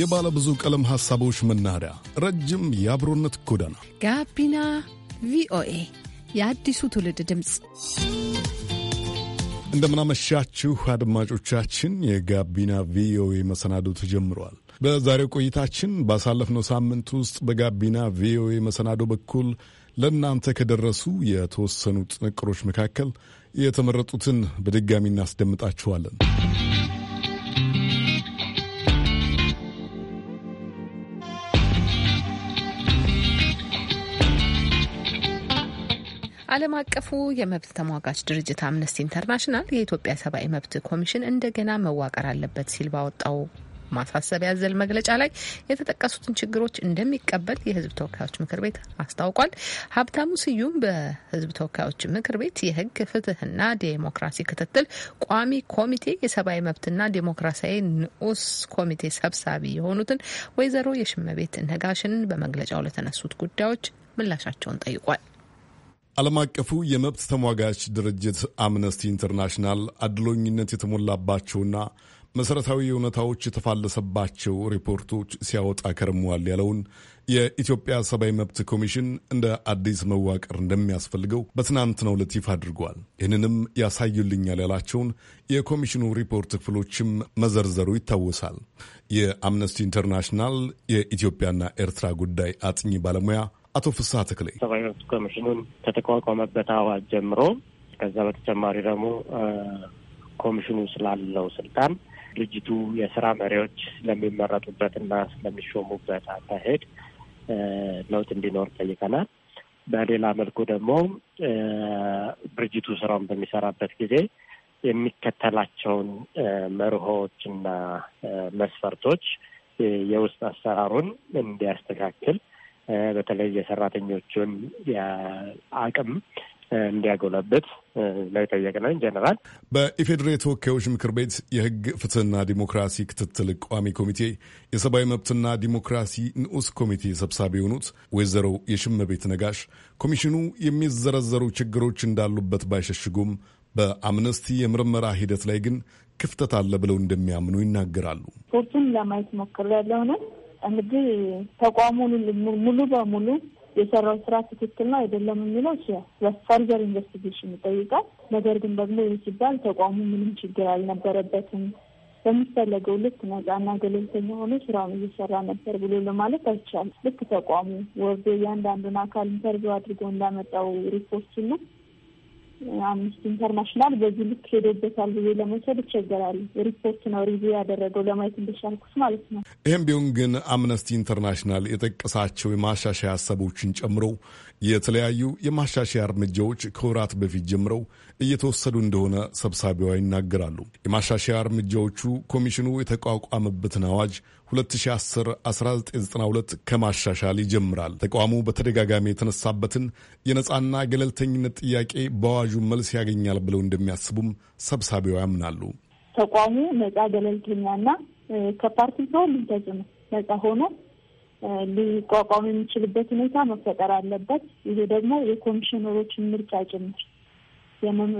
የባለ ብዙ ቀለም ሐሳቦች መናኸሪያ፣ ረጅም የአብሮነት ጎዳና ጋቢና ቪኦኤ የአዲሱ ትውልድ ድምፅ። እንደምናመሻችሁ አድማጮቻችን፣ የጋቢና ቪኦኤ መሰናዶ ተጀምረዋል። በዛሬው ቆይታችን ባሳለፍነው ሳምንት ውስጥ በጋቢና ቪኦኤ መሰናዶ በኩል ለእናንተ ከደረሱ የተወሰኑ ጥንቅሮች መካከል የተመረጡትን በድጋሚ እናስደምጣችኋለን። ዓለም አቀፉ የመብት ተሟጋች ድርጅት አምነስቲ ኢንተርናሽናል የኢትዮጵያ ሰብአዊ መብት ኮሚሽን እንደገና መዋቀር አለበት ሲል ባወጣው ማሳሰቢያ ዘል መግለጫ ላይ የተጠቀሱትን ችግሮች እንደሚቀበል የሕዝብ ተወካዮች ምክር ቤት አስታውቋል። ሀብታሙ ስዩም በሕዝብ ተወካዮች ምክር ቤት የሕግ ፍትህና ዴሞክራሲ ክትትል ቋሚ ኮሚቴ የሰብአዊ መብትና ዴሞክራሲያዊ ንዑስ ኮሚቴ ሰብሳቢ የሆኑትን ወይዘሮ የሽመቤት ነጋሽን በመግለጫው ለተነሱት ጉዳዮች ምላሻቸውን ጠይቋል። ዓለም አቀፉ የመብት ተሟጋች ድርጅት አምነስቲ ኢንተርናሽናል አድሎኝነት የተሞላባቸውና መሠረታዊ እውነታዎች የተፋለሰባቸው ሪፖርቶች ሲያወጣ ከርመዋል ያለውን የኢትዮጵያ ሰብአዊ መብት ኮሚሽን እንደ አዲስ መዋቅር እንደሚያስፈልገው በትናንትናው ዕለት ይፋ አድርጓል። ይህንንም ያሳዩልኛል ያላቸውን የኮሚሽኑ ሪፖርት ክፍሎችም መዘርዘሩ ይታወሳል። የአምነስቲ ኢንተርናሽናል የኢትዮጵያና ኤርትራ ጉዳይ አጥኚ ባለሙያ አቶ ፍስሀ ተክሌ ሰብአዊ መብት ኮሚሽኑን ከተቋቋመበት አዋጅ ጀምሮ ከዛ በተጨማሪ ደግሞ ኮሚሽኑ ስላለው ስልጣን ድርጅቱ የስራ መሪዎች ስለሚመረጡበትና ስለሚሾሙበት አካሄድ ለውጥ እንዲኖር ጠይቀናል። በሌላ መልኩ ደግሞ ድርጅቱ ስራውን በሚሰራበት ጊዜ የሚከተላቸውን መርሆዎችና መስፈርቶች የውስጥ አሰራሩን እንዲያስተካክል በተለይ የሰራተኞቹን አቅም እንዲያጎለብት ነው የጠየቅነው። ጀነራል በኢፌዴሪ ተወካዮች ምክር ቤት የህግ ፍትህና ዲሞክራሲ ክትትል ቋሚ ኮሚቴ የሰብአዊ መብትና ዲሞክራሲ ንዑስ ኮሚቴ ሰብሳቢ የሆኑት ወይዘሮ የሽመቤት ነጋሽ ኮሚሽኑ የሚዘረዘሩ ችግሮች እንዳሉበት ባይሸሽጉም በአምነስቲ የምርመራ ሂደት ላይ ግን ክፍተት አለ ብለው እንደሚያምኑ ይናገራሉ። ሪፖርቱን ለማየት ሞክር ያለሆነ እንግዲህ ተቋሙን ሙሉ በሙሉ የሰራው ስራ ትክክል ነው አይደለም የሚለው ፈርዘር ኢንቨስቲጌሽን ይጠይቃል። ነገር ግን ደግሞ ይህ ሲባል ተቋሙ ምንም ችግር አልነበረበትም፣ በሚፈለገው ልክ ነጻና ገለልተኛ ሆኖ ስራውን እየሰራ ነበር ብሎ ለማለት አይቻልም። ልክ ተቋሙ ወርዶ እያንዳንዱን አካል ኢንተርቪው አድርጎ እንዳመጣው ሪፖርት ሁሉ አምነስቲ ኢንተርናሽናል በዚህ ልክ ሄዶበታል ብዬ ለመውሰድ ይቸገራሉ። ሪፖርት ነው ሪቪው ያደረገው ለማየት እንደሻልኩት ማለት ነው። ይህም ቢሆን ግን አምነስቲ ኢንተርናሽናል የጠቀሳቸው የማሻሻያ ሀሳቦችን ጨምሮ የተለያዩ የማሻሻያ እርምጃዎች ከወራት በፊት ጀምረው እየተወሰዱ እንደሆነ ሰብሳቢዋ ይናገራሉ። የማሻሻያ እርምጃዎቹ ኮሚሽኑ የተቋቋመበትን አዋጅ 2010/1992 ከማሻሻል ይጀምራል። ተቋሙ በተደጋጋሚ የተነሳበትን የነጻና ገለልተኝነት ጥያቄ በአዋዡ መልስ ያገኛል ብለው እንደሚያስቡም ሰብሳቢዋ ያምናሉ። ተቋሙ ነጻ ገለልተኛና ከፓርቲ ከሁሉም ተጽዕኖ ነጻ ሆኖ ሊቋቋም የሚችልበት ሁኔታ መፈጠር አለበት። ይሄ ደግሞ የኮሚሽነሮችን ምርጫ ጭምር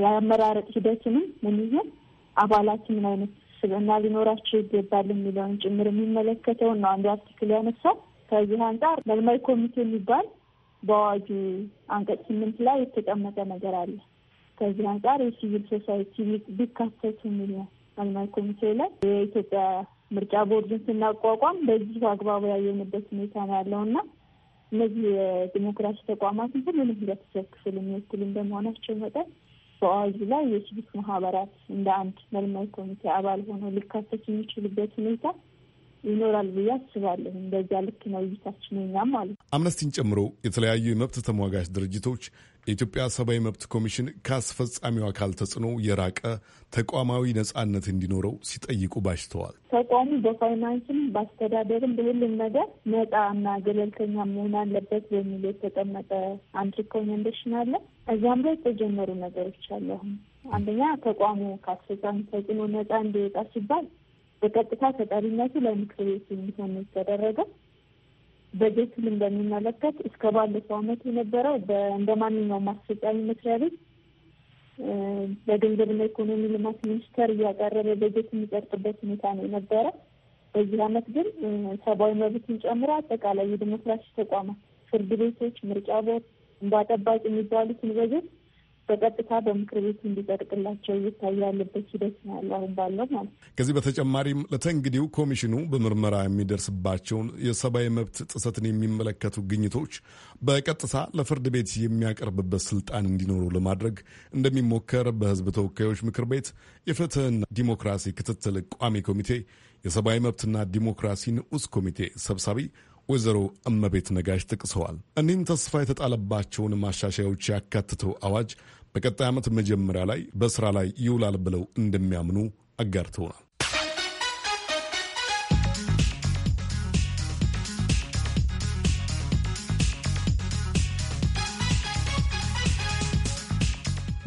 የአመራረጥ ሂደትንም ምንይዘን አባላት ምን አይነት ስብዕና ሊኖራቸው ይገባል የሚለውን ጭምር የሚመለከተውን ነው አንዱ አርቲክል ያነሳል። ከዚህ አንጻር መልማይ ኮሚቴ የሚባል በአዋጁ አንቀጽ ስምንት ላይ የተቀመጠ ነገር አለ። ከዚህ አንጻር የሲቪል ሶሳይቲ ቢካተት የሚል ነው መልማይ ኮሚቴ ላይ የኢትዮጵያ ምርጫ ቦርድን ስናቋቋም በዚህ አግባቡ ያየንበት ሁኔታ ነው ያለው እና እነዚህ የዲሞክራሲ ተቋማትን ሁሉንም ህብረተሰብ ክፍል የሚወክሉ እንደመሆናቸው መጠን በአዋጁ ላይ የሲቪክ ማህበራት እንደ አንድ መልማይ ኮሚቴ አባል ሆነው ሊካተት የሚችሉበት ሁኔታ ይኖራል ብዬ አስባለሁ። እንደዚያ ልክ ነው እይታችን እኛም ማለት ነው። አምነስቲን ጨምሮ የተለያዩ የመብት ተሟጋች ድርጅቶች የኢትዮጵያ ሰብአዊ መብት ኮሚሽን ከአስፈጻሚው አካል ተጽዕኖ የራቀ ተቋማዊ ነጻነት እንዲኖረው ሲጠይቁ ባሽተዋል። ተቋሙ በፋይናንስም በአስተዳደርም በሁሉም ነገር ነጻ እና ገለልተኛ መሆን አለበት በሚል የተቀመጠ አንድ ሪኮሜንዴሽን አለ። እዚያም ላይ የተጀመሩ ነገሮች አሉ። አሁን አንደኛ ተቋሙ ከአስፈጻሚ ተጽዕኖ ነጻ እንዲወጣ ሲባል በቀጥታ ተጠሪነቱ ለምክር ቤቱ እንዲሆን የተደረገ በጀቱን እንደሚመለከት እስከ ባለፈው ዓመት የነበረው እንደ ማንኛውም አስፈጻሚ መስሪያ ቤት ለገንዘብና ኢኮኖሚ ልማት ሚኒስቴር እያቀረበ በጀት የሚጸድቅበት ሁኔታ ነው የነበረ። በዚህ ዓመት ግን ሰብአዊ መብትን ጨምሮ አጠቃላይ የዲሞክራሲ ተቋማት፣ ፍርድ ቤቶች፣ ምርጫ ቦርድ፣ እንባ የሚባሉትን በጀት በቀጥታ በምክር ቤት እንዲጠርቅላቸው እየታየ ያለበት ሂደት ነው ያለው አሁን ባለው ማለት ነው። ከዚህ በተጨማሪም ለተንግዲው ኮሚሽኑ በምርመራ የሚደርስባቸውን የሰብአዊ መብት ጥሰትን የሚመለከቱ ግኝቶች በቀጥታ ለፍርድ ቤት የሚያቀርብበት ስልጣን እንዲኖሩ ለማድረግ እንደሚሞከር በህዝብ ተወካዮች ምክር ቤት የፍትህና ዲሞክራሲ ክትትል ቋሚ ኮሚቴ የሰብአዊ መብትና ዲሞክራሲ ንዑስ ኮሚቴ ሰብሳቢ ወይዘሮ እመቤት ነጋሽ ጠቅሰዋል። እኒህም ተስፋ የተጣለባቸውን ማሻሻያዎች ያካትተው አዋጅ በቀጣይ ዓመት መጀመሪያ ላይ በስራ ላይ ይውላል ብለው እንደሚያምኑ አጋርተውናል።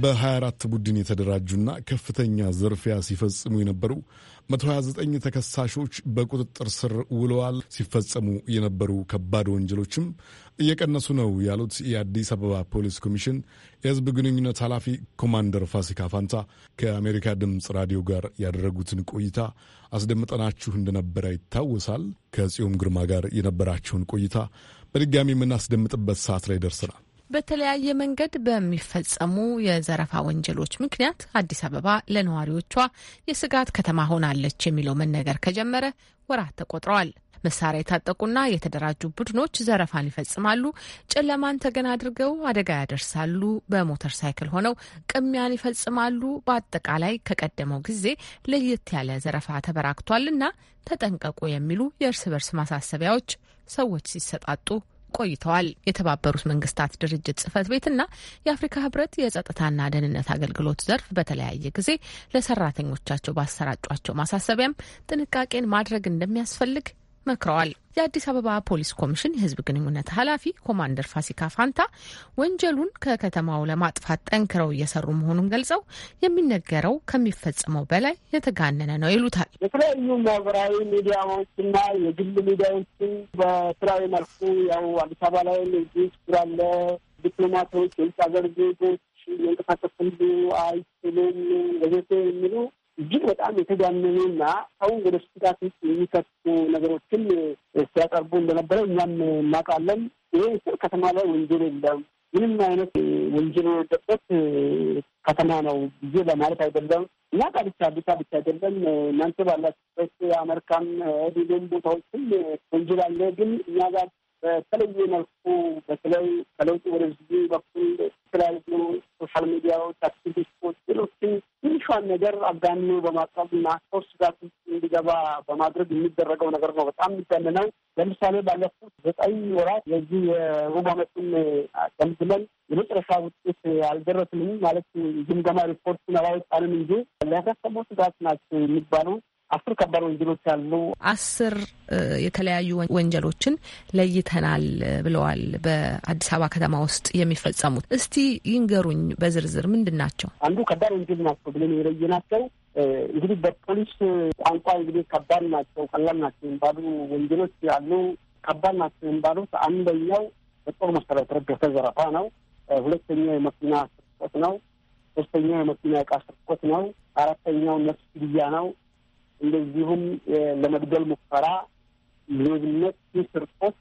በ24 ቡድን የተደራጁና ከፍተኛ ዝርፊያ ሲፈጽሙ የነበሩ 129 ተከሳሾች በቁጥጥር ስር ውለዋል። ሲፈጸሙ የነበሩ ከባድ ወንጀሎችም እየቀነሱ ነው ያሉት የአዲስ አበባ ፖሊስ ኮሚሽን የህዝብ ግንኙነት ኃላፊ ኮማንደር ፋሲካ ፋንታ ከአሜሪካ ድምፅ ራዲዮ ጋር ያደረጉትን ቆይታ አስደምጠናችሁ እንደነበረ ይታወሳል። ከጽዮም ግርማ ጋር የነበራቸውን ቆይታ በድጋሚ የምናስደምጥበት ሰዓት ላይ ደርስናል። በተለያየ መንገድ በሚፈጸሙ የዘረፋ ወንጀሎች ምክንያት አዲስ አበባ ለነዋሪዎቿ የስጋት ከተማ ሆናለች የሚለው መነገር ከጀመረ ወራት ተቆጥረዋል። መሳሪያ የታጠቁና የተደራጁ ቡድኖች ዘረፋን ይፈጽማሉ፣ ጨለማን ተገን አድርገው አደጋ ያደርሳሉ፣ በሞተር ሳይክል ሆነው ቅሚያን ይፈጽማሉ። በአጠቃላይ ከቀደመው ጊዜ ለየት ያለ ዘረፋ ተበራክቷል እና ተጠንቀቁ የሚሉ የእርስ በርስ ማሳሰቢያዎች ሰዎች ሲሰጣጡ ቆይተዋል። የተባበሩት መንግስታት ድርጅት ጽህፈት ቤትና የአፍሪካ ህብረት የጸጥታና ደህንነት አገልግሎት ዘርፍ በተለያየ ጊዜ ለሰራተኞቻቸው ባሰራጯቸው ማሳሰቢያም ጥንቃቄን ማድረግ እንደሚያስፈልግ መክረዋል። የአዲስ አበባ ፖሊስ ኮሚሽን የህዝብ ግንኙነት ኃላፊ ኮማንደር ፋሲካ ፋንታ ወንጀሉን ከከተማው ለማጥፋት ጠንክረው እየሰሩ መሆኑን ገልጸው የሚነገረው ከሚፈጸመው በላይ የተጋነነ ነው ይሉታል። የተለያዩ ማህበራዊ ሚዲያዎችና የግል ሚዲያዎችን በስራዊ መልኩ ያው አዲስ አበባ ላይ ዚህ ዲፕሎማቶች፣ የውጭ ሀገር ዜጎች መንቀሳቀስ ሁሉ አይችሉም ወዘተ የሚሉ እጅግ በጣም የተጋነኑና ሰውን ወደ ስጋት ውስጥ የሚከቱ ነገሮችን ሲያቀርቡ እንደነበረ እኛም እናውቃለን። ይሄ ከተማ ላይ ወንጀል የለም ምንም አይነት ወንጀል የወደበት ከተማ ነው ብዬ ለማለት አይደለም እና ቃልቻ ብቻ ብቻ አይደለም። እናንተ ባላችሁበት አሜሪካም ሌሎም ቦታዎችም ወንጀል አለ፣ ግን እኛ ጋር በተለየ መልኩ በተለይ ከለውጥ ህዝቡ በኩል የተለያዩ ሶሻል ሚዲያዎች፣ አክቲቪስቶች፣ ሌሎችን ትንሿን ነገር አጋኖ በማቅረብ እና ሰው ጋር እንዲገባ በማድረግ የሚደረገው ነገር ነው። በጣም የሚገንነው ለምሳሌ ባለፉት ዘጠኝ ወራት የዚህ የሩብ ዓመቱን ገምግመን የመጨረሻ ውጤት አልደረስንም ማለት ግምገማ ሪፖርቱን አላወጣንም እንጂ ለህብረተሰቡ ስጋት ናቸው የሚባሉ አስር ከባድ ወንጀሎች አሉ አስር የተለያዩ ወንጀሎችን ለይተናል ብለዋል። በአዲስ አበባ ከተማ ውስጥ የሚፈጸሙት እስቲ ይንገሩኝ በዝርዝር ምንድን ናቸው? አንዱ ከባድ ወንጀል ናቸው ብለን የለየናቸው እንግዲህ በፖሊስ ቋንቋ እንግዲህ ከባድ ናቸው፣ ቀላል ናቸው የሚባሉ ወንጀሎች አሉ። ከባድ ናቸው የሚባሉት አንደኛው በጦር መሰረት የተደገፈ ዘረፋ ነው። ሁለተኛው የመኪና ስርቆት ነው። ሶስተኛው የመኪና እቃ ስርቆት ነው። አራተኛው ነፍስ ግድያ ነው። እንደዚሁም ለመግደል ሙከራ፣ ሌብነት፣ ስርቆት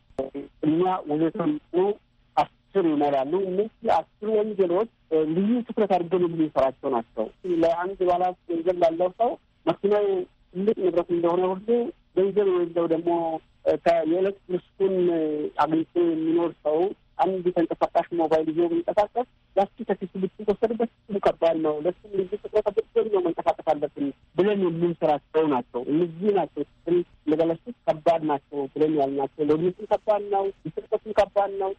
እኛ ወዘተ አስር ይሞላሉ። እነዚህ አስር ወንጀሎች ልዩ ትኩረት አድርገን የምንሰራቸው ናቸው። ለአንድ ባላት ገንዘብ ላለው ሰው መኪናው ትልቅ ንብረት እንደሆነ ሁሉ ገንዘብ የሌለው ደግሞ የዕለት ምስኩን አግኝቶ የሚኖር ሰው አንድ ተንቀሳቃሽ ሞባይል ይዞ ብንቀሳቀስ ያቺ ከፊት ብትወሰድበት ሱ ከባድ ነው። ለሱ ልጅ ትቆጠበት ነው መንቀሳቀስ አለብን ብለን የምንሰራቸው ናቸው። እነዚህ ናቸው ስል ነገለሱት ከባድ ናቸው ብለን ያልናቸው። ለግንስም ከባድ ነው፣ ስርቀቱም ከባድ ነው፣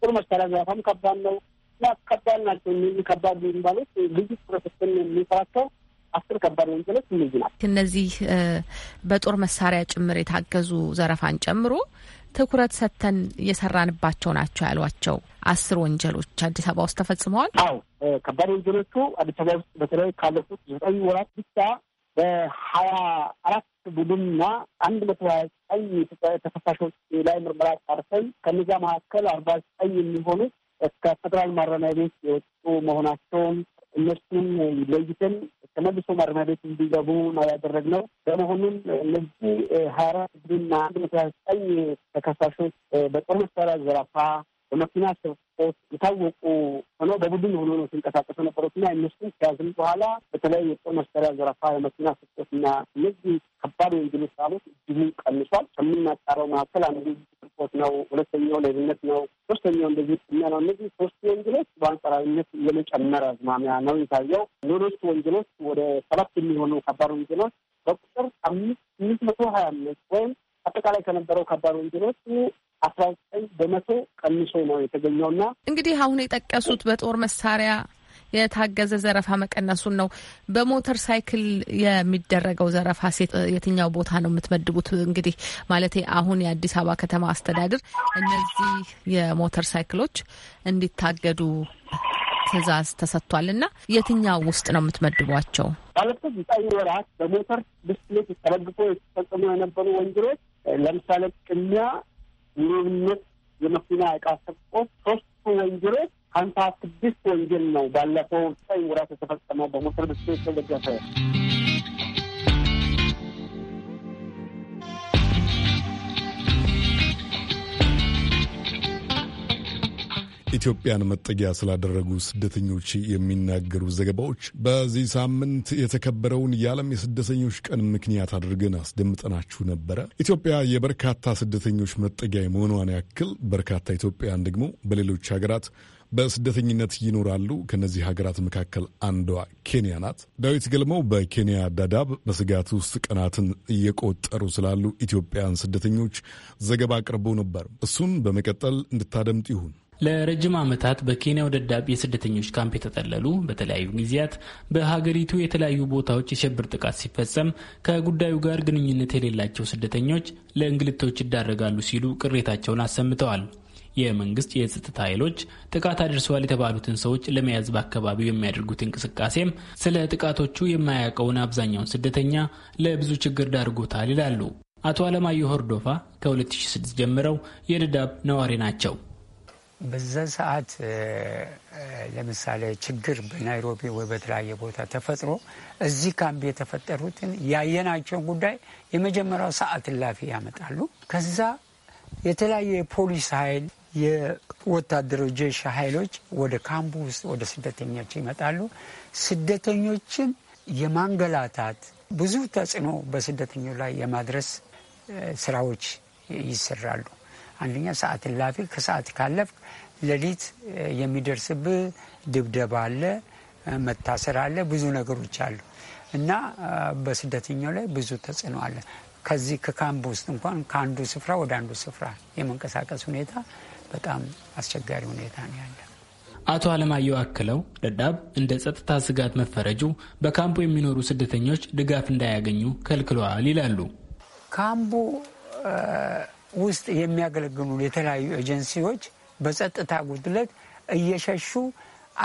ጥሩ መሳሪያ ዘራፋም ከባድ ነው እና ከባድ ናቸው። እነዚህ ከባድ የሚባሉት ልዩ ፕሮሰስን የምንሰራቸው አስር ከባድ ወንጀሎች እነዚህ ናቸው። እነዚህ በጦር መሳሪያ ጭምር የታገዙ ዘረፋን ጨምሮ ትኩረት ሰጥተን እየሰራንባቸው ናቸው ያሏቸው አስር ወንጀሎች አዲስ አበባ ውስጥ ተፈጽመዋል። አዎ ከባድ ወንጀሎቹ አዲስ አበባ ውስጥ በተለይ ካለፉት ዘጠኝ ወራት ብቻ በሀያ አራት ቡድንና አንድ መቶ ሀያ ዘጠኝ ተፈሳሾች ላይ ምርመራ ጣርተን ከነዚያ መካከል አርባ ዘጠኝ የሚሆኑት ከፌዴራል ማረሚያ ቤት የወጡ መሆናቸውን እነሱን ለይተን ተመልሶ ማረሚያ ቤት እንዲገቡ ነው ያደረግነው። በመሆኑም እነዚህ ሀያ አራት እና አንድ መቶ ሀያ ዘጠኝ ተከሳሾች በጦር መሳሪያ ዘረፋ፣ በመኪና ስርቆት የታወቁ ሆኖ በቡድን ሆኖ ነው ሲንቀሳቀሱ ነበሩት እና እነሱን ከያዝም በኋላ በተለይ የጦር መሳሪያ ዘረፋ፣ የመኪና ስርቆት እና እነዚህ ከባድ ወንጀሎች ሳሉት እጅጉ ቀንሷል። ከምናጣረው መካከል አንዱ ስርቆት ነው። ሁለተኛው ሌብነት ነው። ሶስተኛው እንደዚህ ቅሚያ ነው። እነዚህ ሶስት ወንጀሎች በአንጻራዊነት የመጨመር አዝማሚያ ነው የታየው። ሌሎች ወንጀሎች ወደ ሰባት የሚሆኑ ከባድ ወንጀሎች በቁጥር አምስት ስምንት መቶ ሀያ አምስት ወይም አጠቃላይ ከነበረው ከባድ ወንጀሎች አስራ ዘጠኝ በመቶ ቀንሶ ነው የተገኘው የተገኘውና እንግዲህ አሁን የጠቀሱት በጦር መሳሪያ የታገዘ ዘረፋ መቀነሱን ነው። በሞተር ሳይክል የሚደረገው ዘረፋ ሴት የትኛው ቦታ ነው የምትመድቡት? እንግዲህ ማለት አሁን የአዲስ አበባ ከተማ አስተዳደር እነዚህ የሞተር ሳይክሎች እንዲታገዱ ትዕዛዝ ተሰጥቷል እና የትኛው ውስጥ ነው የምትመድቧቸው? ባለፉት ዘጠኝ ወራት በሞተር ብስክሌት ተረግፎ የተፈጸሙ የነበሩ ወንጀሎች ለምሳሌ ቅሚያ፣ ሌብነት፣ የመኪና እቃ ስርቆት ሶስቱ ወንጀሎች ሀምሳ ስድስት ወንጀል ነው ባለፈው ዘጠኝ ወራት የተፈጸመው በሞተር ብስክሌት ተደገፈ። ኢትዮጵያን መጠጊያ ስላደረጉ ስደተኞች የሚናገሩ ዘገባዎች በዚህ ሳምንት የተከበረውን የዓለም የስደተኞች ቀን ምክንያት አድርገን አስደምጠናችሁ ነበረ። ኢትዮጵያ የበርካታ ስደተኞች መጠጊያ የመሆኗን ያክል በርካታ ኢትዮጵያውያን ደግሞ በሌሎች ሀገራት በስደተኝነት ይኖራሉ። ከነዚህ ሀገራት መካከል አንዷ ኬንያ ናት። ዳዊት ገልመው በኬንያ ዳዳብ በስጋት ውስጥ ቀናትን እየቆጠሩ ስላሉ ኢትዮጵያን ስደተኞች ዘገባ አቅርቦ ነበር። እሱን በመቀጠል እንድታደምጥ ይሁን። ለረጅም ዓመታት በኬንያው ደዳብ የስደተኞች ካምፕ የተጠለሉ በተለያዩ ጊዜያት በሀገሪቱ የተለያዩ ቦታዎች የሽብር ጥቃት ሲፈጸም ከጉዳዩ ጋር ግንኙነት የሌላቸው ስደተኞች ለእንግልቶች ይዳረጋሉ ሲሉ ቅሬታቸውን አሰምተዋል። የመንግስት የጸጥታ ኃይሎች ጥቃት አድርሰዋል የተባሉትን ሰዎች ለመያዝ በአካባቢው የሚያደርጉት እንቅስቃሴም ስለ ጥቃቶቹ የማያውቀውን አብዛኛውን ስደተኛ ለብዙ ችግር ዳርጎታል ይላሉ። አቶ አለማየሁ ሆርዶፋ ከ2006 ጀምረው የድዳብ ነዋሪ ናቸው። በዛ ሰዓት ለምሳሌ ችግር በናይሮቢ ወይ በተለያየ ቦታ ተፈጥሮ እዚህ ካምፕ የተፈጠሩትን ያየናቸውን ጉዳይ የመጀመሪያው ሰዓት እላፊ ያመጣሉ። ከዛ የተለያየ የፖሊስ ኃይል የወታደሮች ጀሻ ኃይሎች ወደ ካምፑ ውስጥ ወደ ስደተኞች ይመጣሉ። ስደተኞችን የማንገላታት ብዙ ተጽዕኖ በስደተኞች ላይ የማድረስ ስራዎች ይሰራሉ። አንደኛ ሰዓት እላፊ፣ ከሰዓት ካለፍ ሌሊት የሚደርስብህ ድብደባ አለ፣ መታሰር አለ፣ ብዙ ነገሮች አሉ እና በስደተኛው ላይ ብዙ ተጽዕኖ አለ። ከዚህ ከካምፕ ውስጥ እንኳን ከአንዱ ስፍራ ወደ አንዱ ስፍራ የመንቀሳቀስ ሁኔታ በጣም አስቸጋሪ ሁኔታ ነው ያለ። አቶ አለማየሁ አክለው ደዳብ እንደ ጸጥታ ስጋት መፈረጁ በካምፖ የሚኖሩ ስደተኞች ድጋፍ እንዳያገኙ ከልክለዋል ይላሉ። ካምቦ ውስጥ የሚያገለግሉ የተለያዩ ኤጀንሲዎች በጸጥታ ጉድለት እየሸሹ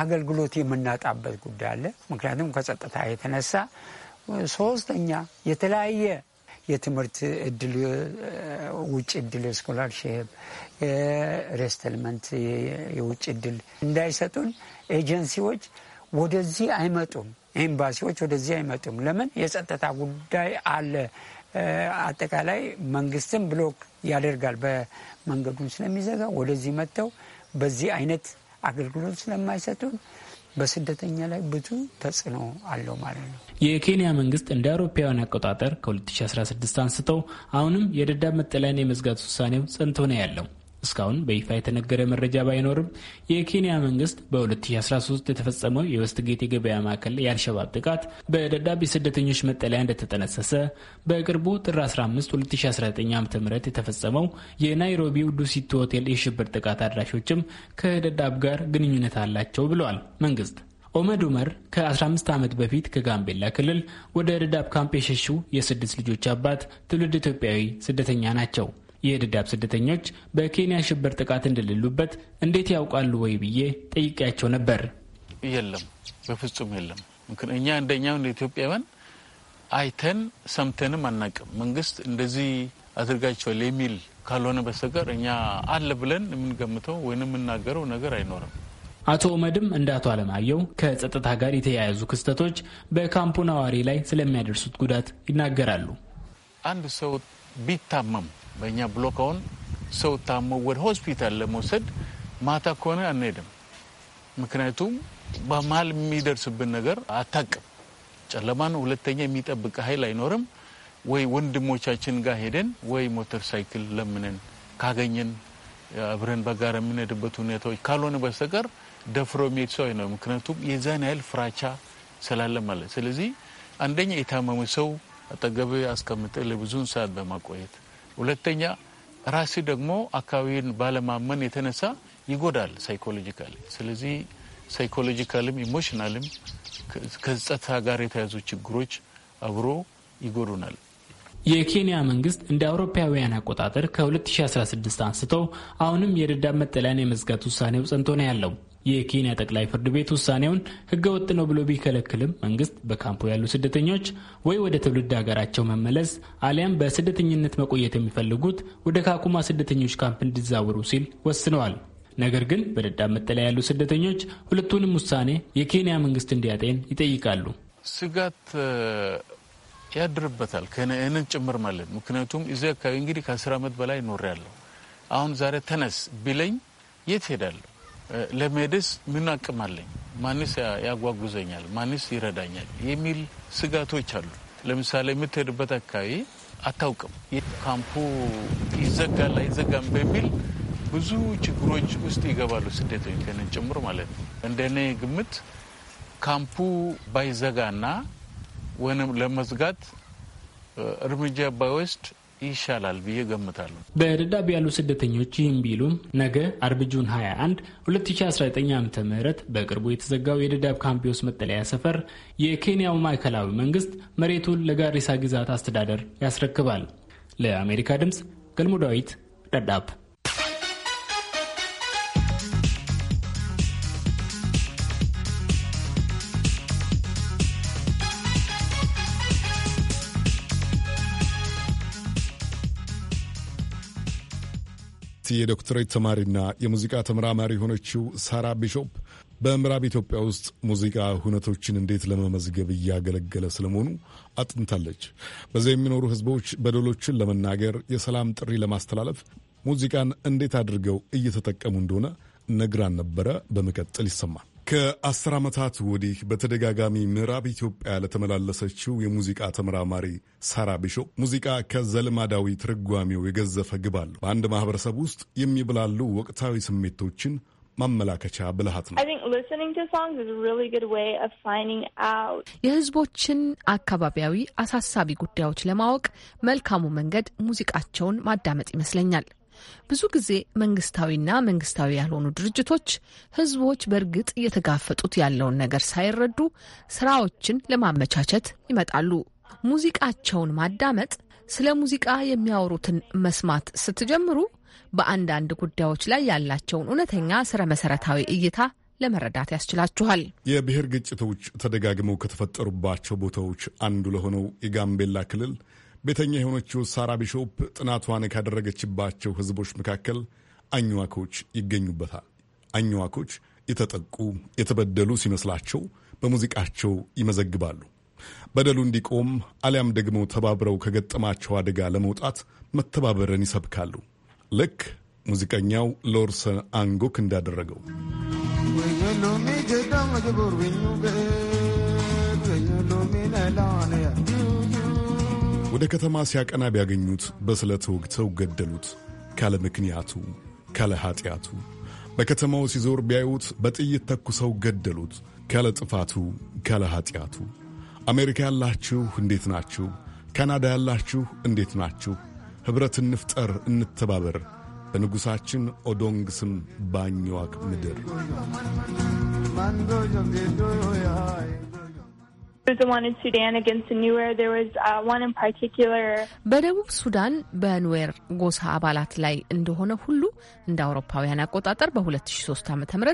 አገልግሎት የምናጣበት ጉዳይ አለ። ምክንያቱም ከጸጥታ የተነሳ ሶስተኛ የተለያየ የትምህርት እድል ውጭ እድል ስኮላርሽፕ፣ የሬስተልመንት የውጭ እድል እንዳይሰጡን ኤጀንሲዎች ወደዚህ አይመጡም። ኤምባሲዎች ወደዚህ አይመጡም። ለምን? የጸጥታ ጉዳይ አለ። አጠቃላይ መንግስትም ብሎክ ያደርጋል። በመንገዱን ስለሚዘጋ ወደዚህ መጥተው በዚህ አይነት አገልግሎት ስለማይሰጡን በስደተኛ ላይ ብዙ ተጽዕኖ አለው ማለት ነው። የኬንያ መንግስት እንደ አውሮፓውያን አቆጣጠር ከ2016 አንስተው አሁንም የደዳብ መጠለያን የመዝጋት ውሳኔው ጸንቶ ነው ያለው። እስካሁን በይፋ የተነገረ መረጃ ባይኖርም የኬንያ መንግስት በ2013 የተፈጸመው የወስትጌት የገበያ ማዕከል የአልሸባብ ጥቃት በደዳብ የስደተኞች መጠለያ እንደተጠነሰሰ፣ በቅርቡ ጥር 15 2019 ዓ ም የተፈጸመው የናይሮቢው ዱሲት ሆቴል የሽብር ጥቃት አድራሾችም ከደዳብ ጋር ግንኙነት አላቸው ብለዋል መንግስት። ኦመድ ኡመር ከ15 ዓመት በፊት ከጋምቤላ ክልል ወደ ደዳብ ካምፕ የሸሹ የስድስት ልጆች አባት ትውልድ ኢትዮጵያዊ ስደተኛ ናቸው። የድዳብ ስደተኞች በኬንያ ሽብር ጥቃት እንደሌሉበት እንዴት ያውቃሉ ወይ ብዬ ጠይቄያቸው ነበር። የለም፣ በፍጹም የለም። እኛ እንደኛው እንደ ኢትዮጵያውያን አይተን ሰምተንም አናቅም። መንግስት እንደዚህ አድርጋቸዋል የሚል ካልሆነ በስተቀር እኛ አለ ብለን የምንገምተው ወይም የምናገረው ነገር አይኖርም። አቶ ኦመድም እንደ አቶ አለማየሁ ከጸጥታ ጋር የተያያዙ ክስተቶች በካምፑ ነዋሪ ላይ ስለሚያደርሱት ጉዳት ይናገራሉ። አንድ ሰው ቢታመም በእኛ ብሎክ አሁን ሰው ታሞ ወደ ሆስፒታል ለመውሰድ ማታ ከሆነ አንሄድም። ምክንያቱም በመሀል የሚደርስብን ነገር አታቅም። ጨለማን ሁለተኛ የሚጠብቅ ኃይል አይኖርም። ወይ ወንድሞቻችን ጋር ሄደን ወይ ሞተር ሳይክል ለምንን ካገኘን አብረን በጋራ የምንሄድበት ሁኔታዎች ካልሆነ በስተቀር ደፍሮ የሚሄድ ሰው አይኖር። ምክንያቱም የዛን ያህል ፍራቻ ስላለ ማለት ስለዚህ አንደኛ የታመመ ሰው አጠገብ አስቀምጠ ለብዙን ሰዓት በማቆየት ሁለተኛ ራሲ ደግሞ አካባቢን ባለማመን የተነሳ ይጎዳል ሳይኮሎጂካል። ስለዚህ ሳይኮሎጂካልም ኢሞሽናልም ከጸጥታ ጋር የተያዙ ችግሮች አብሮ ይጎዱናል። የኬንያ መንግስት እንደ አውሮፓውያን አቆጣጠር ከ2016 አንስቶ አሁንም የደዳብ መጠለያን የመዝጋት ውሳኔው ጸንቶ ነው ያለው። የኬንያ ጠቅላይ ፍርድ ቤት ውሳኔውን ህገወጥ ነው ብሎ ቢከለክልም መንግስት በካምፑ ያሉ ስደተኞች ወይ ወደ ትውልድ ሀገራቸው መመለስ አሊያም በስደተኝነት መቆየት የሚፈልጉት ወደ ካኩማ ስደተኞች ካምፕ እንዲዛወሩ ሲል ወስነዋል። ነገር ግን በደዳብ መጠለያ ያሉ ስደተኞች ሁለቱንም ውሳኔ የኬንያ መንግስት እንዲያጤን ይጠይቃሉ። ስጋት ያድርበታል ከእኔን ጭምር ማለት ምክንያቱም እዚህ አካባቢ እንግዲህ ከአስር ዓመት በላይ ኖሬያለሁ። አሁን ዛሬ ተነስ ቢለኝ የት ሄዳለሁ? ለመሄድስ ምን አቅም አለኝ፣ ማንስ ያጓጉዘኛል፣ ማንስ ይረዳኛል የሚል ስጋቶች አሉ። ለምሳሌ የምትሄድበት አካባቢ አታውቅም። ካምፑ ይዘጋል አይዘጋም በሚል ብዙ ችግሮች ውስጥ ይገባሉ ስደተኞች ከእኔን ጭምር ማለት ነው። እንደኔ ግምት ካምፑ ባይዘጋና ወይም ለመዝጋት እርምጃ ባይወስድ ይሻላል ብዬ ገምታለሁ። በደዳብ ያሉ ስደተኞች ይህም ቢሉም ነገ አርብ ጁን 21 2019 ዓ ም በቅርቡ የተዘጋው የደዳብ ካምፒዮስ መጠለያ ሰፈር የኬንያው ማዕከላዊ መንግስት መሬቱን ለጋሪሳ ግዛት አስተዳደር ያስረክባል። ለአሜሪካ ድምፅ ገልሞ ዳዊት ደዳብ የዶክትሬት ተማሪና የሙዚቃ ተመራማሪ የሆነችው ሳራ ቢሾፕ በምዕራብ ኢትዮጵያ ውስጥ ሙዚቃ ሁነቶችን እንዴት ለመመዝገብ እያገለገለ ስለመሆኑ አጥንታለች። በዚያ የሚኖሩ ሕዝቦች በደሎችን ለመናገር፣ የሰላም ጥሪ ለማስተላለፍ ሙዚቃን እንዴት አድርገው እየተጠቀሙ እንደሆነ ነግራን ነበረ። በመቀጠል ይሰማል። ከአስር ዓመታት ወዲህ በተደጋጋሚ ምዕራብ ኢትዮጵያ ለተመላለሰችው የሙዚቃ ተመራማሪ ሳራ ቢሾ ሙዚቃ ከዘልማዳዊ ትርጓሜው የገዘፈ ግብ አለው። በአንድ ማህበረሰብ ውስጥ የሚብላሉ ወቅታዊ ስሜቶችን ማመላከቻ ብልሃት ነው። የህዝቦችን አካባቢያዊ አሳሳቢ ጉዳዮች ለማወቅ መልካሙ መንገድ ሙዚቃቸውን ማዳመጥ ይመስለኛል። ብዙ ጊዜ መንግስታዊና መንግስታዊ ያልሆኑ ድርጅቶች ህዝቦች በእርግጥ እየተጋፈጡት ያለውን ነገር ሳይረዱ ስራዎችን ለማመቻቸት ይመጣሉ። ሙዚቃቸውን ማዳመጥ፣ ስለ ሙዚቃ የሚያወሩትን መስማት ስትጀምሩ በአንዳንድ ጉዳዮች ላይ ያላቸውን እውነተኛ ስረ መሰረታዊ እይታ ለመረዳት ያስችላችኋል። የብሔር ግጭቶች ተደጋግመው ከተፈጠሩባቸው ቦታዎች አንዱ ለሆነው የጋምቤላ ክልል ቤተኛ የሆነችው ሳራ ቢሾፕ ጥናቷን ካደረገችባቸው ህዝቦች መካከል አኝዋኮች ይገኙበታል። አኝዋኮች የተጠቁ የተበደሉ ሲመስላቸው በሙዚቃቸው ይመዘግባሉ። በደሉ እንዲቆም አሊያም ደግሞ ተባብረው ከገጠማቸው አደጋ ለመውጣት መተባበርን ይሰብካሉ። ልክ ሙዚቀኛው ሎርሰ አንጎክ እንዳደረገው ሎሜ ወደ ከተማ ሲያቀና ቢያገኙት በስለት ወግተው ገደሉት። ካለ ምክንያቱ ካለ ኃጢአቱ በከተማው ሲዞር ቢያዩት በጥይት ተኩሰው ገደሉት። ካለ ጥፋቱ ካለ ኃጢአቱ አሜሪካ ያላችሁ እንዴት ናችሁ? ካናዳ ያላችሁ እንዴት ናችሁ? ኅብረት እንፍጠር፣ እንተባበር። በንጉሣችን ኦዶንግ ስም ባኝዋክ ምድር Uh, በደቡብ ሱዳን በኑዌር ጎሳ አባላት ላይ እንደሆነ ሁሉ እንደ አውሮፓውያን አቆጣጠር በ2003 ዓ ም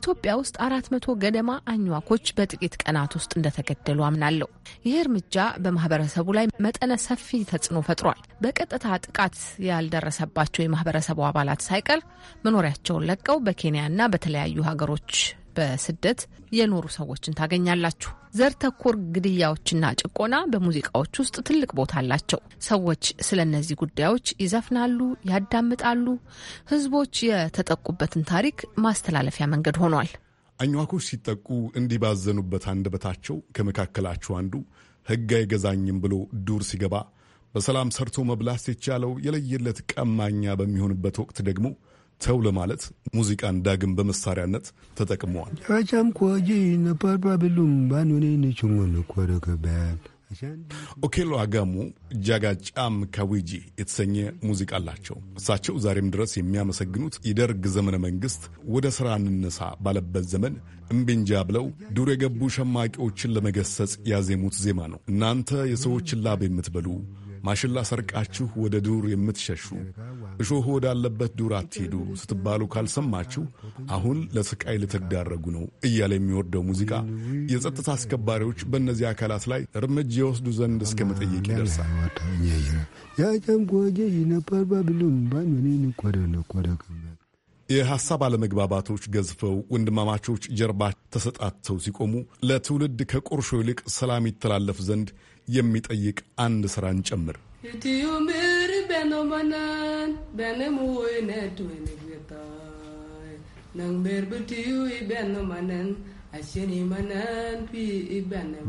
ኢትዮጵያ ውስጥ 400 ገደማ አኟኮች በጥቂት ቀናት ውስጥ እንደተገደሉ አምናለሁ። ይህ እርምጃ በማህበረሰቡ ላይ መጠነ ሰፊ ተጽዕኖ ፈጥሯል። በቀጥታ ጥቃት ያልደረሰባቸው የማህበረሰቡ አባላት ሳይቀር መኖሪያቸውን ለቀው በኬንያና በተለያዩ ሀገሮች በስደት የኖሩ ሰዎችን ታገኛላችሁ። ዘር ተኮር ግድያዎችና ጭቆና በሙዚቃዎች ውስጥ ትልቅ ቦታ አላቸው። ሰዎች ስለ እነዚህ ጉዳዮች ይዘፍናሉ፣ ያዳምጣሉ። ህዝቦች የተጠቁበትን ታሪክ ማስተላለፊያ መንገድ ሆኗል። አኟኮች ሲጠቁ እንዲህ ባዘኑበት አንደበታቸው ከመካከላቸው አንዱ ህግ አይገዛኝም ብሎ ዱር ሲገባ በሰላም ሰርቶ መብላት የቻለው የለየለት ቀማኛ በሚሆንበት ወቅት ደግሞ ተው ለማለት ሙዚቃን ዳግም በመሳሪያነት ተጠቅመዋል። ኦኬሎ አጋሙ ጃጋ ጫም ካዊጂ የተሰኘ ሙዚቃ አላቸው። እሳቸው ዛሬም ድረስ የሚያመሰግኑት የደርግ ዘመነ መንግስት ወደ ሥራ እንነሳ ባለበት ዘመን እምቢንጃ ብለው ዱር የገቡ ሸማቂዎችን ለመገሰጽ ያዜሙት ዜማ ነው። እናንተ የሰዎችን ላብ የምትበሉ ማሽላ ሰርቃችሁ ወደ ዱር የምትሸሹ እሾህ ወዳለበት ዱር አትሄዱ ስትባሉ ካልሰማችሁ አሁን ለስቃይ ልትዳረጉ ነው እያለ የሚወርደው ሙዚቃ የጸጥታ አስከባሪዎች በእነዚህ አካላት ላይ እርምጃ የወስዱ ዘንድ እስከ መጠየቅ ይደርሳል። የሐሳብ አለመግባባቶች ገዝፈው ወንድማማቾች ጀርባ ተሰጣተው ሲቆሙ ለትውልድ ከቁርሾ ይልቅ ሰላም ይተላለፍ ዘንድ የሚጠይቅ አንድ ስራን ጨምር።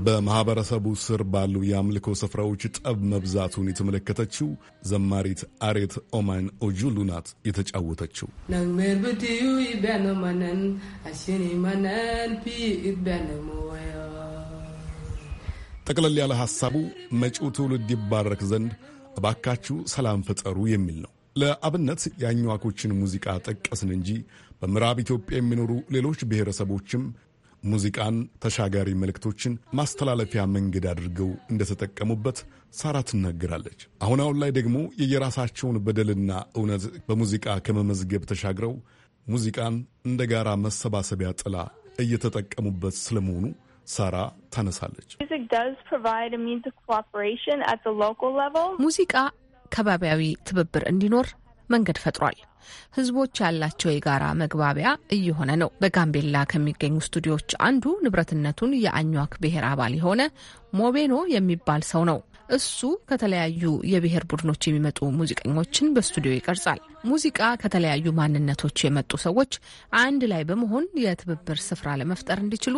በማህበረሰቡ ስር ባሉ የአምልኮ ስፍራዎች ጠብ መብዛቱን የተመለከተችው ዘማሪት አሬት ኦማን ኦጁሉ ናት የተጫወተችው። ነግሜር ብትዩ ይበነመነን አሽኔ ማነን ፒ ይበነመወያ ጠቅለል ያለ ሐሳቡ መጪው ትውልድ ይባረክ ዘንድ እባካችሁ ሰላም ፍጠሩ የሚል ነው። ለአብነት የአኟዋኮችን ሙዚቃ ጠቀስን እንጂ በምዕራብ ኢትዮጵያ የሚኖሩ ሌሎች ብሔረሰቦችም ሙዚቃን ተሻጋሪ መልእክቶችን ማስተላለፊያ መንገድ አድርገው እንደተጠቀሙበት ሳራ ትናገራለች። አሁን አሁን ላይ ደግሞ የየራሳቸውን በደልና እውነት በሙዚቃ ከመመዝገብ ተሻግረው ሙዚቃን እንደ ጋራ መሰባሰቢያ ጥላ እየተጠቀሙበት ስለመሆኑ ሳራ ታነሳለች። ሙዚቃ ከባቢያዊ ትብብር እንዲኖር መንገድ ፈጥሯል። ህዝቦች ያላቸው የጋራ መግባቢያ እየሆነ ነው። በጋምቤላ ከሚገኙ ስቱዲዮዎች አንዱ ንብረትነቱን የአኟክ ብሔር አባል የሆነ ሞቤኖ የሚባል ሰው ነው። እሱ ከተለያዩ የብሔር ቡድኖች የሚመጡ ሙዚቀኞችን በስቱዲዮ ይቀርጻል። ሙዚቃ ከተለያዩ ማንነቶች የመጡ ሰዎች አንድ ላይ በመሆን የትብብር ስፍራ ለመፍጠር እንዲችሉ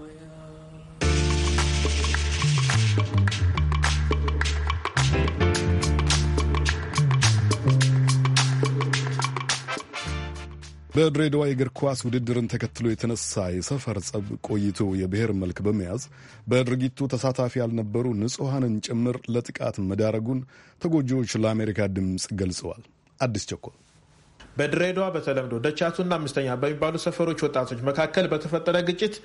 በድሬዳዋ የእግር ኳስ ውድድርን ተከትሎ የተነሳ የሰፈር ጸብ ቆይቶ የብሔር መልክ በመያዝ በድርጊቱ ተሳታፊ ያልነበሩ ንጹሐንን ጭምር ለጥቃት መዳረጉን ተጎጂዎች ለአሜሪካ ድምፅ ገልጸዋል። አዲስ ቸኮል በድሬዳዋ በተለምዶ ደቻቱና አምስተኛ በሚባሉ ሰፈሮች ወጣቶች መካከል በተፈጠረ ግጭት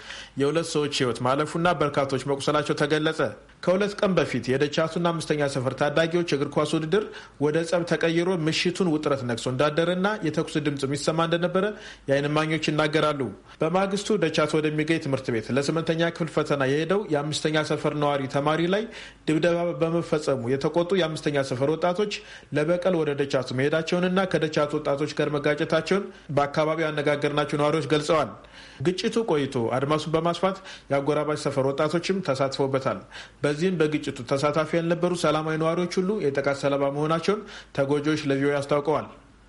የሁለት ሰዎች ህይወት ማለፉና በርካቶች መቁሰላቸው ተገለጸ። ከሁለት ቀን በፊት የደቻቱና አምስተኛ ሰፈር ታዳጊዎች እግር ኳስ ውድድር ወደ ጸብ ተቀይሮ ምሽቱን ውጥረት ነግሶ እንዳደረና የተኩስ ድምፅ የሚሰማ እንደነበረ የአይን እማኞች ይናገራሉ። በማግስቱ ደቻቱ ወደሚገኝ ትምህርት ቤት ለስምንተኛ ክፍል ፈተና የሄደው የአምስተኛ ሰፈር ነዋሪ ተማሪ ላይ ድብደባ በመፈጸሙ የተቆጡ የአምስተኛ ሰፈር ወጣቶች ለበቀል ወደ ደቻቱ መሄዳቸውንና ከደቻቱ ወጣቶች ጋር መጋጨታቸውን በአካባቢው ያነጋገርናቸው ነዋሪዎች ገልጸዋል። ግጭቱ ቆይቶ አድማሱን በማስፋት የአጎራባች ሰፈር ወጣቶችም ተሳትፎበታል። በዚህም በግጭቱ ተሳታፊ ያልነበሩ ሰላማዊ ነዋሪዎች ሁሉ የጥቃት ሰለባ መሆናቸውን ተጎጂዎች ለቪኦኤ አስታውቀዋል።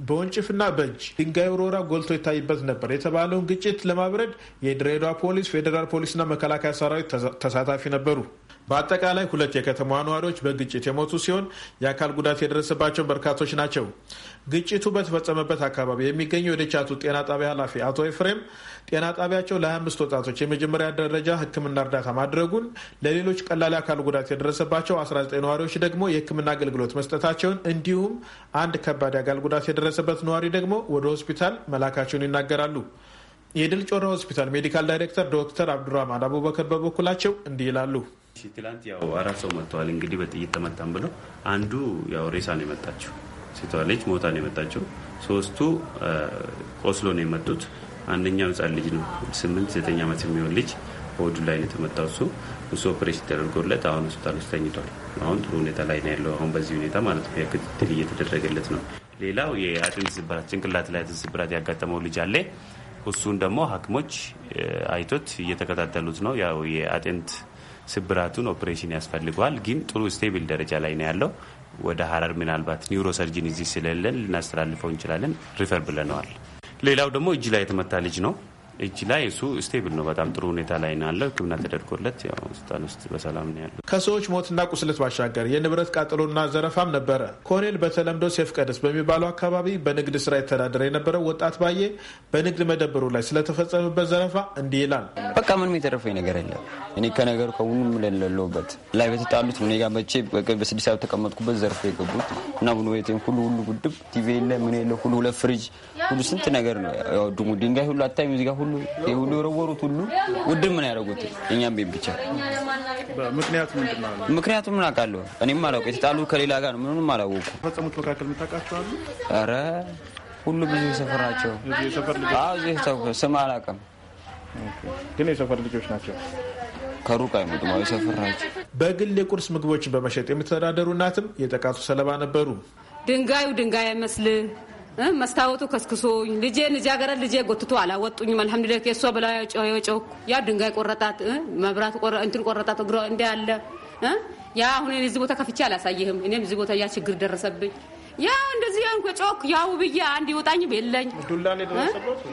በወንጭፍና በእጅ ድንጋይ ውርወራ ጎልቶ ይታይበት ነበር የተባለውን ግጭት ለማብረድ የድሬዳዋ ፖሊስ፣ ፌዴራል ፖሊስና መከላከያ ሰራዊት ተሳታፊ ነበሩ። በአጠቃላይ ሁለት የከተማዋ ነዋሪዎች በግጭት የሞቱ ሲሆን የአካል ጉዳት የደረሰባቸው በርካቶች ናቸው። ግጭቱ በተፈጸመበት አካባቢ የሚገኘው የደቻቱ ጤና ጣቢያ ኃላፊ አቶ ኤፍሬም ጤና ጣቢያቸው ለ25 ወጣቶች የመጀመሪያ ደረጃ ሕክምና እርዳታ ማድረጉን፣ ለሌሎች ቀላል የአካል ጉዳት የደረሰባቸው 19 ነዋሪዎች ደግሞ የሕክምና አገልግሎት መስጠታቸውን እንዲሁም አንድ ከባድ አካል ጉዳት የደረሰበት ነዋሪ ደግሞ ወደ ሆስፒታል መላካቸውን ይናገራሉ። የድል ጮራ ሆስፒታል ሜዲካል ዳይሬክተር ዶክተር አብዱራህማን አቡበከር በበኩላቸው እንዲህ ይላሉ። ትላንት ያው አራት ሰው መጥተዋል። እንግዲህ በጥይት ተመታን ብለው አንዱ ያው ሬሳ ነው የመጣችው ሴቷ ልጅ ሞታ ነው የመጣችው። ሶስቱ ቆስሎ ነው የመጡት። አንደኛው ህፃን ልጅ ነው ስምንት ዘጠኝ ዓመት የሚሆን ልጅ ሆዱ ላይ ነው የተመታው። እሱ እሱ ኦፕሬሽን ተደርጎለት አሁን ሆስፒታል ውስጥ ተኝቷል። አሁን ጥሩ ሁኔታ ላይ ነው ያለው። አሁን በዚህ ሁኔታ ማለት ነው ክትትል እየተደረገለት ነው። ሌላው የአጥንት ስብራት ጭንቅላት ላይ አጥንት ስብራት ያጋጠመው ልጅ አለ። እሱን ደግሞ ሀኪሞች አይቶት እየተከታተሉት ነው ያው የአጥንት ስብራቱን ኦፕሬሽን ያስፈልገዋል። ግን ጥሩ ስቴብል ደረጃ ላይ ነው ያለው። ወደ ሀረር ምናልባት ሰርጅን እዚህ ስለለን ልናስተላልፈው እንችላለን። ሪፈር ብለነዋል። ሌላው ደግሞ እጅ ላይ የተመታ ልጅ ነው እጅ ላይ እሱ ስቴብል ነው። በጣም ጥሩ ሁኔታ ላይ ነው ያለው። ሕክምና ተደርጎለት ስልጣን ውስጥ በሰላም ነው ያለው። ከሰዎች ሞትና ቁስለት ባሻገር የንብረት ቃጠሎና ዘረፋም ነበረ። ኮኔል በተለምዶ ሴፍ ቀደስ በሚባለው አካባቢ በንግድ ስራ የተዳደረ የነበረው ወጣት ባየ በንግድ መደብሩ ላይ ስለተፈጸመበት ዘረፋ እንዲህ ይላል። በቃ ምንም የተረፈኝ ነገር የለም። እኔ ከነገሩ ከሁሉም ለለለውበት ላይ በተጣሉት እኔ ጋር መቼ በስድስት ሰዓት ተቀመጥኩበት ዘርፎ የገቡት እና ቡን ቤቴም ሁሉ ሁሉ ጉድብ ቲቪ የለ ምን የለ ሁሉ ሁለት ፍሪጅ ሁሉ ስንት ነገር ነው ያወድሙ ድንጋይ ሁሉ አታይም እዚህ ጋር ሁሉ ሁሉ የወረወሩት ሁሉ ውድም ምን ያደረጉት እኛም ቤት ብቻ ምክንያቱ ምን አውቃለሁ እኔም አላውቅም። የተጣሉ ከሌላ ጋር ነው ምንም አላወቁ ፈጸሙት መካከል የምታውቃቸዋሉ? ኧረ ሁሉ ብዙ የሰፈር ናቸው። ስም አላውቅም ግን የሰፈር ልጆች ናቸው። ከሩቅ አይመጡም። የሰፈር ናቸው። በግል የቁርስ ምግቦችን በመሸጥ የምትተዳደሩ እናትም የጥቃቱ ሰለባ ነበሩ። ድንጋዩ ድንጋይ አይመስልህ መስታወቱ ከስክሶኝ ልጄ ልጃገረድ ልጄ ጎትቶ አላወጡኝም። አልሐምዱላ ከሷ ብላ ጮክ ያ ድንጋይ ቆረጣት፣ መብራት እንትን ቆረጣት፣ እግሮ እንዳለ ያ አሁን እዚህ ቦታ ከፍቼ አላሳይህም። እኔም እዚህ ቦታ ያ ችግር ደረሰብኝ። ያ እንደዚህ ያን ጮክ ያው ብዬ አንድ ይወጣኝ የለኝ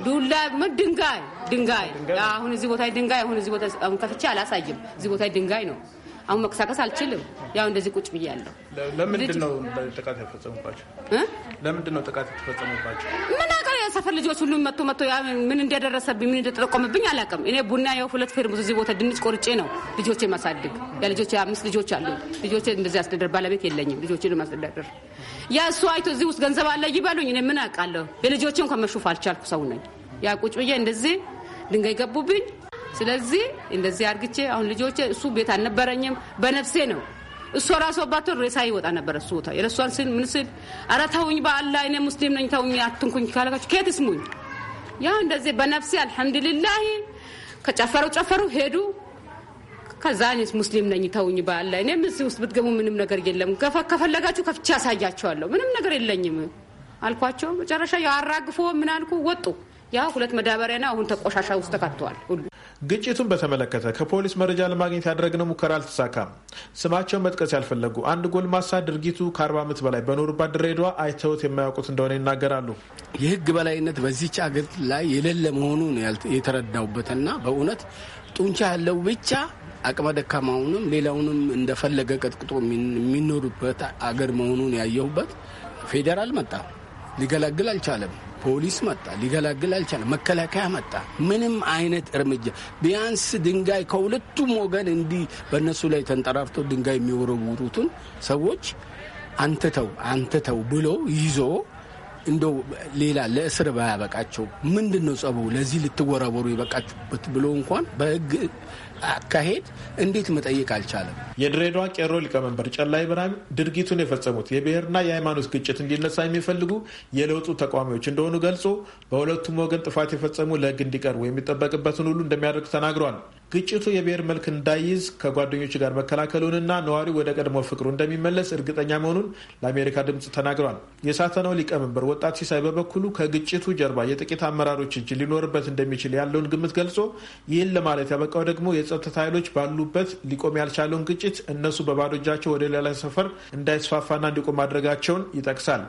ዱላ ምን ድንጋይ ድንጋይ አሁን እዚህ ቦታ ድንጋይ አሁን እዚህ ቦታ ከፍቼ አላሳይም። እዚህ ቦታ ድንጋይ ነው አሁን መንቀሳቀስ አልችልም። ያው እንደዚህ ቁጭ ብያለሁ። ለምንድን ነው ጥቃት የተፈጸመባቸው? ለምንድን ነው ጥቃት የተፈጸመባቸው? ምን አውቃለሁ። የሰፈር ልጆች ሁሉ መቶ መቶ ምን እንደደረሰብኝ ምን እንደተጠቆመብኝ አላውቅም። እኔ ቡና ያው ሁለት ፌርሙዝ እዚህ ቦታ ድንች ቆርጬ ነው ልጆቼ ማሳድግ። ያ ልጆቼ አምስት ልጆች አሉ። ልጆቼ እንደዚህ አስተዳደር ባለቤት የለኝም። ልጆቼ ማስተዳደር ያ እሱ አይቶ እዚህ ውስጥ ገንዘብ አለ ይበሉኝ። እኔ ምን አውቃለሁ። የልጆቼን ከመሹፍ አልቻልኩ ሰው ነኝ። ያ ቁጭ ብዬ እንደዚህ ድንጋይ ገቡብኝ። ስለዚህ እንደዚህ አርግቼ አሁን ልጆቼ እሱ ቤት አልነበረኝም በነፍሴ ነው እሷ ራሱ አባቶ ሬሳ ይወጣ ነበር እሱ ቦታ የረሷን ስል ምን ስል ኧረ ተውኝ፣ በአላህ እኔ ሙስሊም ነኝ ተውኝ፣ አትንኩኝ ካለካችሁ ከየት ስሙኝ። ያ እንደዚህ በነፍሴ አልሐምዱሊላህ ከጨፈሩ ጨፈሩ ሄዱ። ከዛ እኔስ ሙስሊም ነኝ ተውኝ፣ በአላ እኔ እዚህ ውስጥ ብትገቡ ምንም ነገር የለም፣ ከፈለጋችሁ ከፍቼ ያሳያቸዋለሁ፣ ምንም ነገር የለኝም አልኳቸው። መጨረሻ ያው አራግፎ ምን አልኩ ወጡ። ያ ሁለት መዳበሪያና አሁን ተቆሻሻ ውስጥ ተካተዋል። ሁሉ ግጭቱን በተመለከተ ከፖሊስ መረጃ ለማግኘት ያደረግነው ሙከራ አልተሳካም። ስማቸውን መጥቀስ ያልፈለጉ አንድ ጎልማሳ ድርጊቱ ከ40 ዓመት በላይ በኖሩባት ድሬዷ አይተውት የማያውቁት እንደሆነ ይናገራሉ። የህግ በላይነት በዚች አገር ላይ የሌለ መሆኑን የተረዳውበትና በእውነት ጡንቻ ያለው ብቻ አቅመ ደካማውንም ሌላውንም እንደፈለገ ቀጥቅጦ የሚኖሩበት አገር መሆኑን ያየሁበት ፌዴራል መጣ ሊገላግል አልቻለም። ፖሊስ መጣ፣ ሊገላግል አልቻለም። መከላከያ መጣ። ምንም አይነት እርምጃ ቢያንስ ድንጋይ ከሁለቱም ወገን እንዲህ በእነሱ ላይ ተንጠራርቶ ድንጋይ የሚወረውሩትን ሰዎች አንተተው አንተተው ብሎ ይዞ እንደው ሌላ ለእስር ባያበቃቸው ምንድን ነው ጸቡ? ለዚህ ልትወራወሩ የበቃችሁበት ብሎ እንኳን በህግ አካሄድ እንዴት መጠየቅ አልቻለም? የድሬዳዋ ቄሮ ሊቀመንበር ጨላይ ብርሃም ድርጊቱን የፈጸሙት የብሔርና የሃይማኖት ግጭት እንዲነሳ የሚፈልጉ የለውጡ ተቃዋሚዎች እንደሆኑ ገልጾ በሁለቱም ወገን ጥፋት የፈጸሙ ለህግ እንዲቀርቡ የሚጠበቅበትን ሁሉ እንደሚያደርግ ተናግሯል። ግጭቱ የብሔር መልክ እንዳይይዝ ከጓደኞች ጋር መከላከሉንና ነዋሪው ወደ ቀድሞ ፍቅሩ እንደሚመለስ እርግጠኛ መሆኑን ለአሜሪካ ድምፅ ተናግሯል። የሳተናው ሊቀመንበር ወጣት ሲሳይ በበኩሉ ከግጭቱ ጀርባ የጥቂት አመራሮች እጅ ሊኖርበት እንደሚችል ያለውን ግምት ገልጾ ይህን ለማለት ያበቃው ደግሞ የጸጥታ ኃይሎች ባሉበት ሊቆም ያልቻለውን ግጭት እነሱ በባዶ እጃቸው ወደ ሌላ ሰፈር እንዳይስፋፋና እንዲቆም ማድረጋቸውን ይጠቅሳል።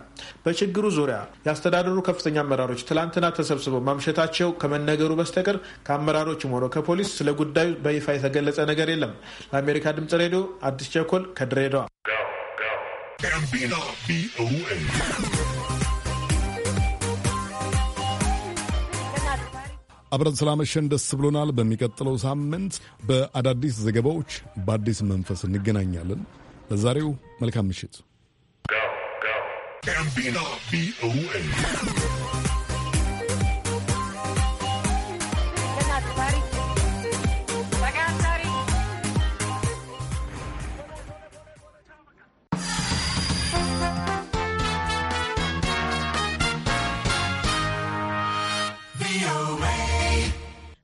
በችግሩ ዙሪያ የአስተዳደሩ ከፍተኛ አመራሮች ትላንትና ተሰብስበው ማምሸታቸው ከመነገሩ በስተቀር ከአመራሮችም ሆነ ከፖሊስ ስለ ጉዳዩ በይፋ የተገለጸ ነገር የለም። ለአሜሪካ ድምጽ ሬዲዮ አዲስ ቸኮል ከድሬዳዋ። አብረን ስላመሸን ደስ ብሎናል። በሚቀጥለው ሳምንት በአዳዲስ ዘገባዎች በአዲስ መንፈስ እንገናኛለን። ለዛሬው መልካም ምሽት።